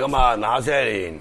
咁啊，那些年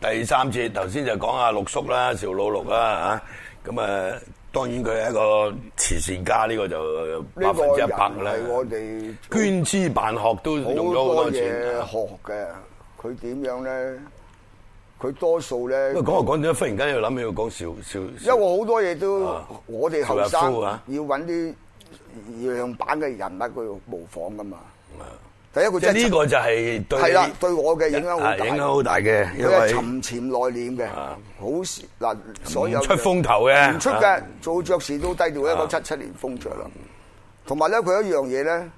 第三次，頭先就講阿六叔啦，邵老六啦，吓、啊、咁啊，當然佢係一個慈善家，呢、這個就百分之一百啦。呢個人係我哋捐資辦學都用咗好多錢。好多嘢學嘅，佢點樣咧？佢多數咧。講下講點，忽然間又諗起要講少少。因為好多嘢都、啊、我哋後生要揾啲樣板嘅人物去模仿噶嘛。啊第一個即係，係啦，對我嘅影響好大，影響好大嘅。佢係沉潛內斂嘅，好嗱所有唔出風頭嘅，唔出嘅做爵士都低調。一九七七年封爵士，同埋咧佢一樣嘢咧，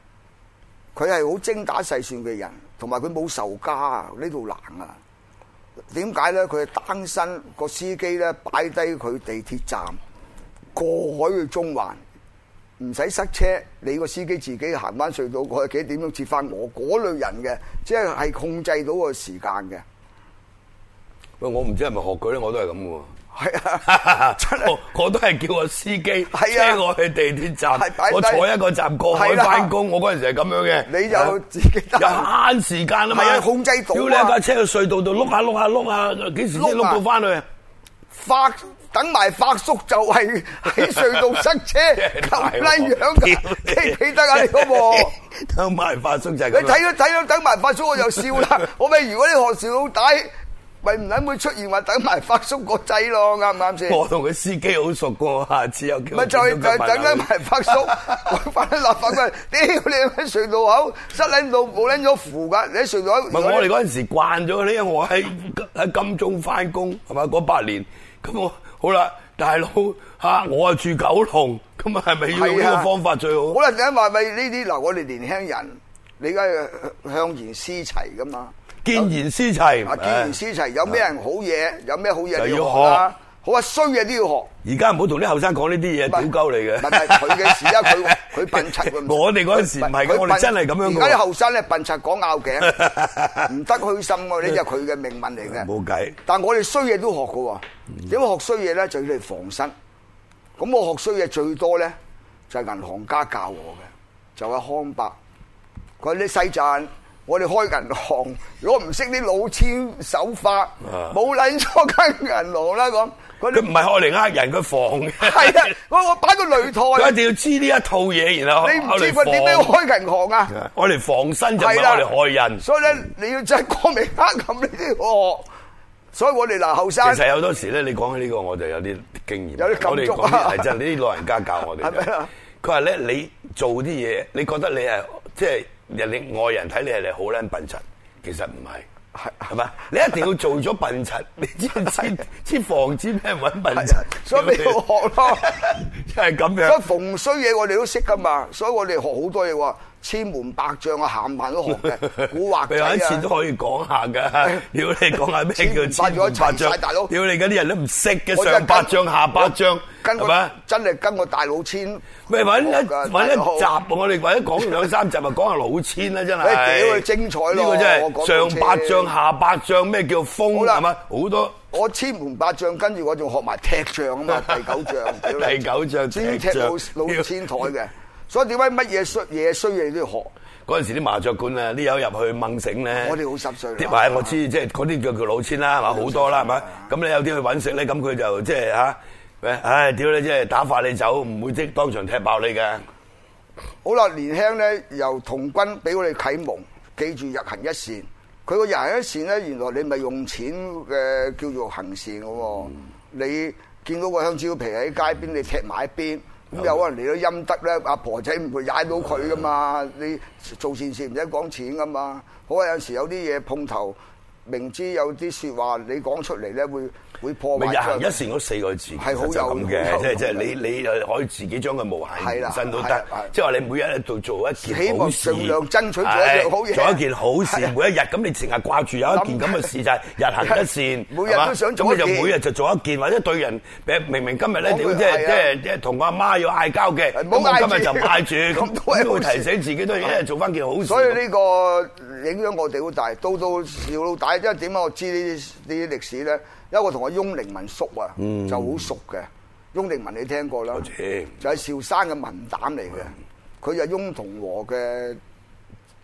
佢係好精打細算嘅人，同埋佢冇仇家呢度難啊！點解咧？佢係單身，個司機咧擺低佢地鐵站過海去中環。唔使塞車，你個司機自己行翻隧道過，我去幾點樣接翻我？嗰類人嘅，即係控制到個時間嘅。喂，我唔知係咪學佢咧，我都係咁嘅。係啊， 我我都係叫我司機，車、啊、我去地鐵站，啊、我坐一個站過去翻工。啊、我嗰陣時係咁樣嘅。你就自己慳時間啊嘛，控制到、啊。叫你架車去隧道度碌下碌下碌下，幾時先碌到翻去？發等埋發叔就係喺隧道塞車，咁樣嘅，記得啊呢個，等埋發叔制。你睇咗睇咗等埋發叔我就笑啦。我譬如嗰啲學少老底，咪唔捻會出現話等埋發叔個仔咯，啱唔啱先？我同個司機好熟個，下次有機。咪就係就等緊埋發叔，我翻啲垃圾，屌你喺隧道口塞捻到冇捻咗扶架，你喺隧道。唔係我哋嗰陣時慣咗呢，我喺喺金鐘翻工，係嘛嗰八年。咁我好啦，大佬吓、啊、我啊住九龍，咁啊係咪要用呢個方法、啊、最好？好啦，你話咪呢啲，嗱我哋年輕人，你而家向賢思齊噶嘛？見賢思齊，見賢、啊、思齊，有咩人好嘢，啊、有咩好嘢你要學啦。好啊！衰嘢都要學。而家唔好同啲後生講呢啲嘢，屌鳩嚟嘅。唔係佢嘅事啊！佢佢笨柒。我哋嗰陣時唔係我哋真係咁樣。而家啲後生咧笨柒講拗頸，唔得開心噶，呢就佢嘅命運嚟嘅。冇計。但係我哋衰嘢都學噶喎，點解學衰嘢咧？就要嚟防身。咁我學衰嘢最多咧，就係銀行家教我嘅，就阿康伯。佢啲西贊，我哋開銀行，如果唔識啲老千手法，冇捻錯間銀行啦咁。佢佢唔係學嚟呃人，佢防的。係啊，我我擺個擂台。佢一定要知呢一套嘢，然後你唔知佢點解要開銀行啊？我嚟防身的就唔係啦。我嚟害人。所以咧、嗯，你要真係光明黑冚呢啲學。所以我哋嗱後生其實好多時咧，你講起呢個我就有啲經驗。有啲感觸啊！係真，呢啲 老人家教我哋。佢話咧，你做啲嘢，你覺得你係即係人哋外人睇你係你好撚笨柒，其實唔係。係係嘛，你一定要做咗笨柒，你知唔知？知防止咩揾笨柒。的是是所以咪要學咯，係咁 這樣。不過逢衰嘢我哋都識噶嘛，所以我哋學好多嘢喎，千門百將啊，咸飯都學嘅，古惑仔啊，每 一次都可以講下噶。屌的你講下咩叫千門百將？大佬，屌你嗰啲人都唔識嘅，上百將下百將。係真係跟個大老千，咪揾一一集，我哋為咗講兩三集，咪講下老千啦，真係。幾精彩咯！呢個真係上八將下八將，咩叫風？係咪好多？我千門八將跟住我仲學埋踢將啊嘛，第九將。第九將，呢啲踢老老千台嘅，所以點解乜嘢衰嘢衰嘢都要學？嗰陣時啲麻雀館啊，呢友入去掹檯咧，我哋好濕碎。啲，係我知，即係嗰啲叫叫老千啦，係嘛？好多啦，係咪？咁你有啲去揾食咧，咁佢就即係嚇。唉，屌你真係打發你走，唔會即當場踢爆你嘅。好啦，年輕咧，由童軍俾我哋啟蒙，記住日行一善。佢個日行一善咧，原來你咪用錢嘅叫做行善嘅，啊。嗯、你見到個香蕉皮喺街邊，嗯、你踢埋一邊。咁、嗯、有可能嚟到陰德咧，阿婆仔唔會踩到佢噶嘛。嗯、你做善事唔使講錢噶嘛。好啊，有陣時有啲嘢碰頭。明知有啲説話你講出嚟咧，會會破壞。日行一善嗰四個字係好有嘅，即係即係你你又可以自己將佢無限延伸都得。即係話你每日做做一件好事，希望盡量爭取做一樣好嘢，做一件好事。每一日咁你成日掛住有一件咁嘅事就係日行一善，每日都想做一件。咁你就每日就做一件，或者對人明明今日咧，即係即係即係同阿媽要嗌交嘅，咁我今日就唔嗌住，咁都係好事。提醒自己都係一日做翻件好事。所以呢個影響我哋好大，到到小到大。因為點解我知呢啲呢啲歷史咧，因為我同阿翁靈文叔啊，就好熟嘅。翁靈文你聽過啦，就喺韶山嘅文膽嚟嘅，佢就翁同和嘅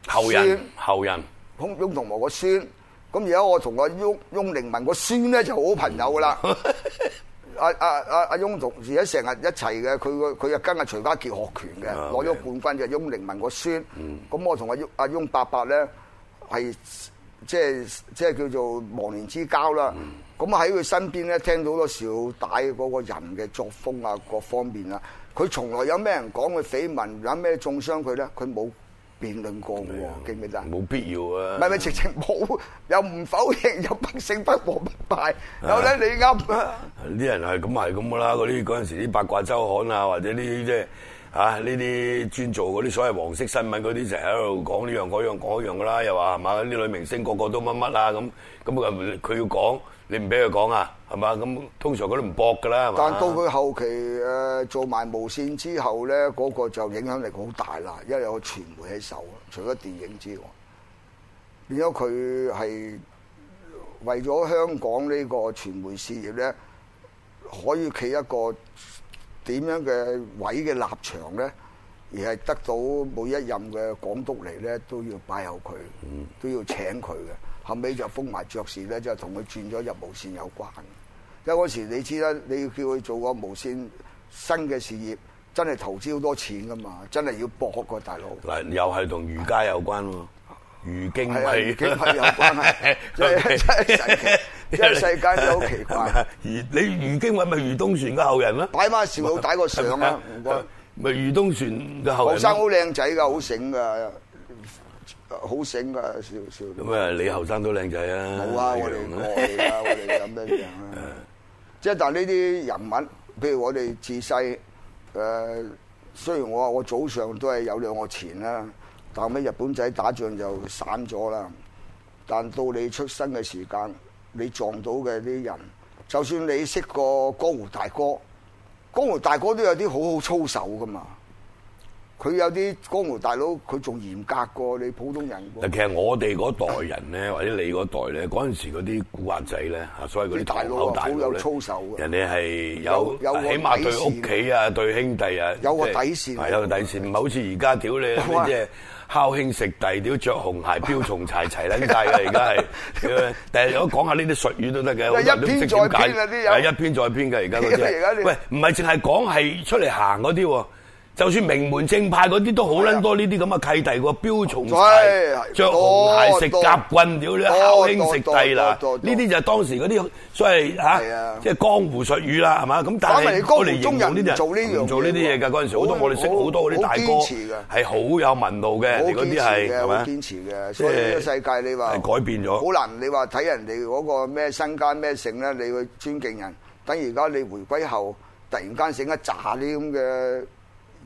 後人後人。翁翁同和個孫，咁而家我同阿翁翁靈文個孫咧就好朋友噶啦。阿阿阿阿翁同而家成日一齊嘅，佢個佢又跟阿徐家杰學拳嘅，攞咗冠軍就係翁靈文個孫。咁我同阿翁阿翁伯伯咧係。即係即係叫做忘年之交啦。咁喺佢身邊咧，聽到好多少大嗰個人嘅作風啊，各方面啊。佢從來有咩人講佢緋聞，有咩中傷佢咧，佢冇辯論過嘅喎，嗯、記唔記得？冇必要啊！係咪直情冇，又唔否認，又不勝不和不敗，又揦你噏啊！啲、啊、人係咁係咁噶啦，嗰啲嗰陣時啲八卦周刊啊，或者呢啲即係。嚇！呢啲、啊、專做嗰啲所謂黃色新聞嗰啲，成日喺度講呢樣嗰樣講樣噶啦，又話係嘛？啲女明星個個都乜乜啊咁，咁佢要講，你唔俾佢講啊，係嘛？咁通常佢都唔搏噶啦。但到佢後期誒、呃、做埋無線之後咧，嗰、嗰個就影響力好大啦，因為有個傳媒喺手，除咗電影之外，變咗佢係為咗香港呢個傳媒事業咧，可以企一個。點樣嘅位嘅立場咧，而係得到每一任嘅港督嚟咧，都要拜候佢，都要請佢嘅。後尾就封埋爵士咧，就同佢轉咗入無線有關。因為嗰時你知啦，你要叫佢做個無線新嘅事業，真係投資好多錢㗎嘛，真係要博個大佬。嗱，又係同余家有關喎，余、啊、經緯。啊、經緯有關係。 Okay. 即係世界都好奇怪，而你如今咪余東旋嘅後人啦。擺翻邵老大個相啦，唔該。咪余東旋嘅後生好靚仔噶，好醒噶，好醒噶，邵邵。咁啊，你有後生都靚仔啊！冇啊，我哋我哋啊，我哋咁樣嘅。即係但呢啲人物，譬如我哋自細誒，雖然我啊，我早上都係有兩個錢啦，但後屘日本仔打仗就散咗啦。但到你出生嘅時間。你撞到嘅啲人，就算你識過江湖大哥，江湖大哥都有啲好好操守噶嘛。佢有啲江湖大佬，佢仲嚴格過你普通人。其實我哋嗰代人咧，或者你嗰代咧，嗰陣時嗰啲古惑仔咧嚇，所以佢哋大佬好有操守嘅。人哋係有，有，有，起碼對屋企啊，對兄弟啊，有個底線。係、就是、有個底線，唔係好似而家屌你嘅。 孝興食帝屌著紅鞋，標重齊齊啦！呢啲嘢而家係， 但係如果講下呢啲術語都得嘅，一篇再篇都解，係一篇再篇㗎。而家嗰啲，喂，唔係淨係講係出嚟行嗰啲。就算名門正派嗰啲都好撚多呢啲咁嘅契弟喎，標重鞋、著紅鞋、食甲棍，屌你孝卿食低啦！呢啲就係當時嗰啲，所謂嚇即係江湖術語啦，係嘛？咁但係我哋形容呢啲人唔做呢啲嘢嘅嗰陣時，好多我哋識好多嗰啲大哥，係好有文路嘅，嗰啲係係咪？堅持嘅，所以呢個世界，你話改變咗，好難。你話睇人哋嗰個咩身家咩性咧，你去尊敬人。等而家你回歸後，突然間醒一紮啲咁嘅。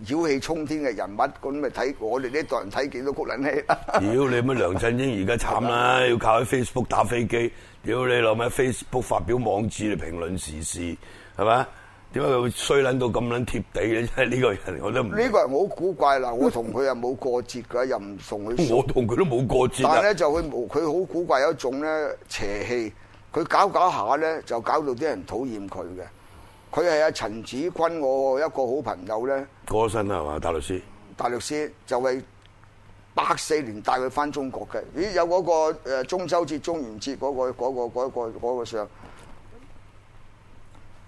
妖氣沖天嘅人物，咁咪睇我哋呢代人睇幾多谷卵氣啦？妖，你乜梁振英而家慘啦，要靠喺 Facebook 打飛機。妖，你攞乜 Facebook 發表網誌嚟評論時事，係嘛？點解佢衰卵到咁卵貼地嘅？即係呢個人我都唔呢個人好古怪嗱，我同佢又冇過節嘅，又唔送佢。我同佢都冇過節。但係咧就佢無，佢好古怪有一種咧邪氣，佢搞搞下咧就搞到啲人討厭佢嘅。佢係阿陳子坤，我一個好朋友咧，過身啦，係嘛？大律師。大律師就係八四年帶佢翻中國嘅。咦，有嗰個誒中秋節、中元節嗰個嗰個嗰個嗰個相。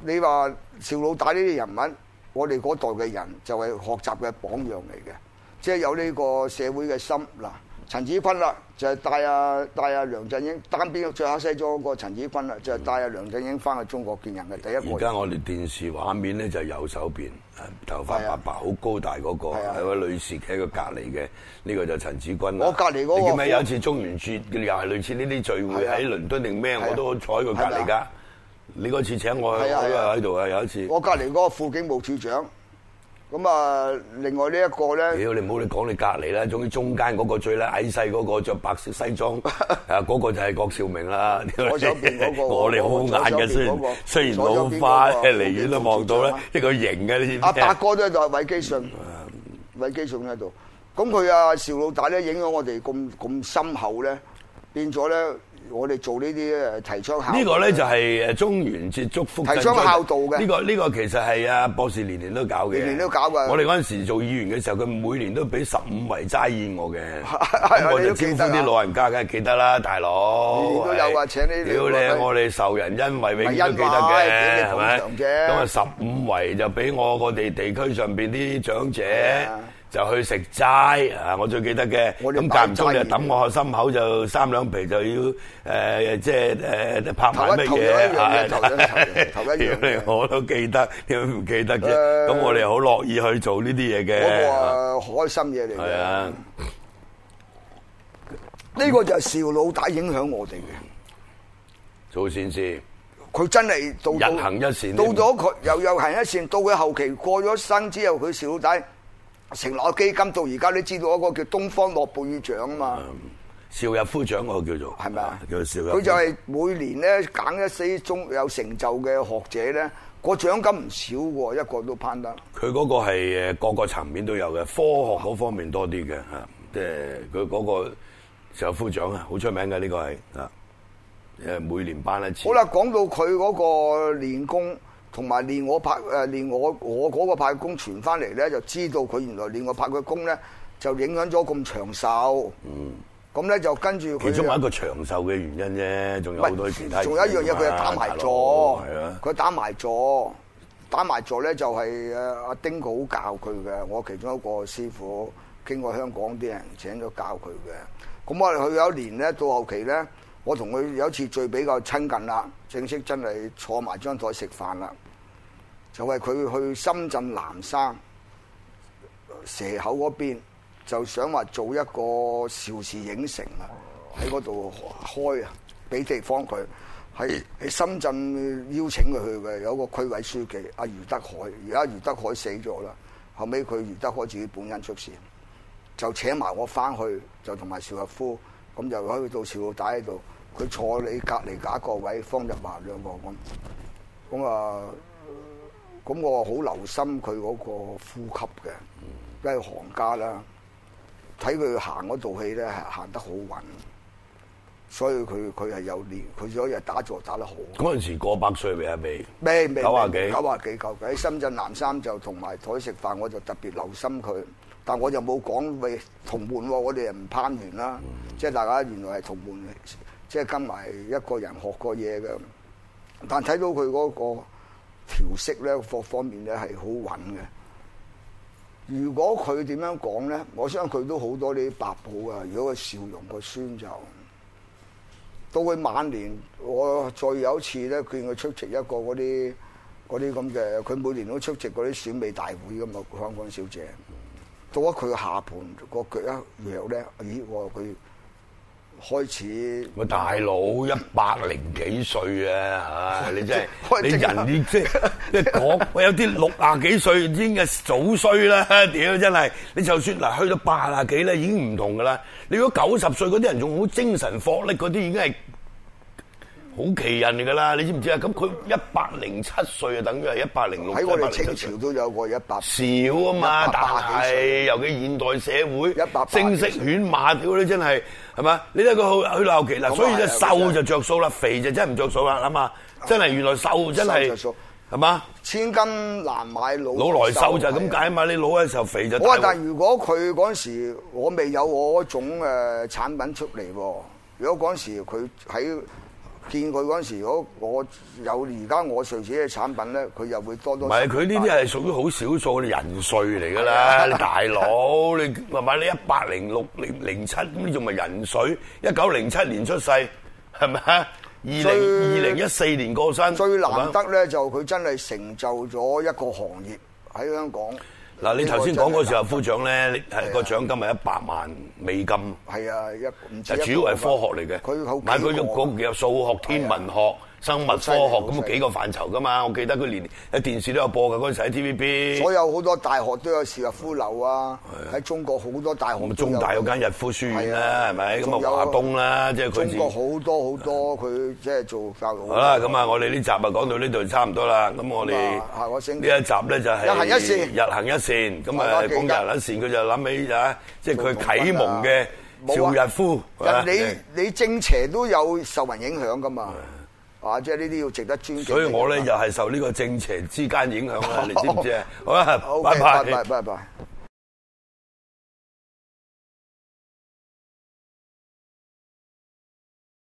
你話邵老大呢啲人物，我哋嗰代嘅人就係學習嘅榜樣嚟嘅，即係有呢個社會嘅心嗱。陳子坤啦，就係帶阿帶阿梁振英單邊約最後識咗個陳子坤啦，就係帶阿梁振英翻去中國見人嘅第一個。而家我哋電視畫面咧就右手邊，頭髮白白好高大嗰個，有位女士喺個隔離嘅，呢個就陳子坤啦。我隔離嗰個，你記唔記得有一次中元節，又係類似呢啲聚會喺倫敦定咩，我都坐喺佢隔離噶。你嗰次請我，我都喺度啊！有一次，我隔離嗰個副警務處長。咁啊，另外呢一個咧，妖你唔好你講你隔籬啦，總之中間嗰個最咧矮細嗰個著白色西裝，啊嗰個就係郭兆明啦，你知唔知？我哋好眼嘅雖雖然老花咧，離遠都望到咧，一個型嘅你知唔知？阿達哥咧就係韋基舜，韋基舜喺度，咁佢阿邵老大咧影響我哋咁咁深厚咧，變咗咧。我哋做呢啲誒提倡孝呢個咧就係誒中元節祝福提倡孝道嘅呢、這個呢、這個其實係阿博士年年都搞嘅，年年都搞嘅。我哋嗰陣時做議員嘅時候，佢每年都俾十五圍齋宴我嘅、 嗯，我哋招呼啲老人家梗係記得啦，大佬。如果又話請你，屌你！我哋受人恩惠，永遠都記得嘅，係咪？咁啊，十五圍就俾我我哋地區上邊啲長者。就去食齋啊！我最記得嘅，咁間唔中你又抌我個心口就三兩皮就要誒，即係誒拍埋乜嘢係？頭一樣，頭一樣，頭一樣，我都記得，點解唔記得嘅？咁我哋又好樂意去做呢啲嘢嘅。呢個開心嘢嚟嘅。呢個就係邵老大影響我哋嘅。做善事，佢真係到到到咗佢，又又行一善，到佢後期過咗生之後，佢邵老大。成立基金到而家，你知道嗰個叫東方諾貝爾獎啊嘛、嗯？邵逸夫獎嗰個叫做係咪啊？佢就係每年咧揀一啲中有成就嘅學者咧，個獎金唔少喎，一個都攀得。佢嗰個係各個層面都有嘅，科學嗰方面多啲嘅嚇，即係佢嗰個邵逸夫獎啊，好出名嘅呢、呢個係啊，誒每年頒一次。好啦，講到佢嗰個練功。同埋連我拍誒，連我我嗰個派工傳翻嚟咧，就知道佢原來連我拍嘅工咧，就影響咗咁長壽。嗯，咁咧就跟住其中有一個長壽嘅原因啫，仲有好多其他仲有一樣嘢，佢又打埋坐，係啊，佢打埋坐、啊啊，打埋坐咧就係誒阿丁好教佢嘅。我其中一個師傅，經過香港啲人請咗教佢嘅。咁我哋去有一年咧到後期咧，我同佢有一次最比較親近啦，正式真係坐埋張台食飯啦。就係佢去深圳南山蛇口嗰邊，就想話做一個邵氏影城啊，喺嗰度開啊，俾地方佢。喺喺深圳邀請佢去嘅，有個區委書記阿余德海，而家余德海死咗啦。後尾佢余德海自己本人出事，就請埋我翻去，就同埋邵逸夫，咁就開去到邵老大喺度，佢坐你隔離架一個位，方日華兩個咁，咁啊。咁我好留心佢嗰個呼吸嘅，因為行家啦。睇佢行嗰套戲咧，係行得好穩，所以佢佢係有練，佢所以打坐打得好。咁嗰陣時過百歲未啊？未，未，九啊幾，九啊幾，九幾。喺深圳南山就同埋台食飯，我就特別留心佢，但我又冇講喂同伴喎。我哋又唔攀緣啦，即係、嗯、大家原來係同伴，即、就、係、是、跟埋一個人學過嘢嘅。但睇到佢嗰、那個。調色咧，各方面咧係好穩嘅。如果佢點樣講咧，我相信佢都好多啲白寶啊。如果佢笑容，個酸就，到佢晚年，我再有一次咧見佢，佢出席一個嗰啲嗰啲咁嘅，佢每年都出席嗰啲選美大會㗎嘛，香港小姐。到咗佢下盤個腳一弱咧，咦喎佢～我開始，我大佬一百零幾歲啊！嚇， 你真係 你人， 你即係講，喂，有啲六啊幾歲已經係早衰啦！屌真係，你就算嗱去到八啊幾咧，已經唔同噶啦。你如果九十歲嗰啲人仲好精神活力嗰啲已經係。好奇人嚟㗎啦，你知唔知啊？咁佢一百零七歲啊，等於係一百零六。喺我哋清朝都有過一百少啊嘛，但係尤其現代社會，聲色犬馬屌你真係係嘛？你睇佢好鬧奇嗱，所以就瘦就着數啦，肥就真係唔着數啦啊嘛！真係原來瘦真係係嘛？千金難買老老來瘦就係咁解嘛？你老嘅時候肥就。喂，但係如果佢嗰陣時我未有我嗰種誒產品出嚟喎，如果嗰陣時佢喺。見佢嗰時，如果我有我有而家我瑞士嘅產品咧，佢又會多多十。唔係佢呢啲係屬於好少數嘅人瑞嚟㗎啦， 大佬你係咪你一百零六零零七咁，你仲咪人瑞？一九零七年出世係咪啊？二零二零一四年過身。最難得咧吧就佢真係成就咗一個行業喺香港。嗱，你頭先講嗰時候，夫獎咧係個獎金係一百萬美金，係啊，一主要係科學嚟嘅，買佢嗰嗰幾粒數學天文學。生物科學咁啊幾個範疇噶嘛？我記得佢連喺電視都有播噶，嗰陣時喺 TVB。所有好多大學都有時逸夫樓啊，喺中國好多大學，中大有間逸夫書院啦，係咪？咁啊，華東啦，即係佢。好多好多，佢即係做教育。好啦，咁啊，我哋呢集咪講到呢度差唔多啦。咁我哋下個星呢一集咧就係日行一善。咁啊，講日行一善，佢就諗起啊，即係佢啟蒙嘅邵逸夫。你你正邪都有受人影響噶嘛？啊！即係呢啲要值得尊敬，所以我咧又係受呢個政邪之間影響啊！ 你知唔知啊？ 好啦吧，拜拜拜拜拜拜。Bye,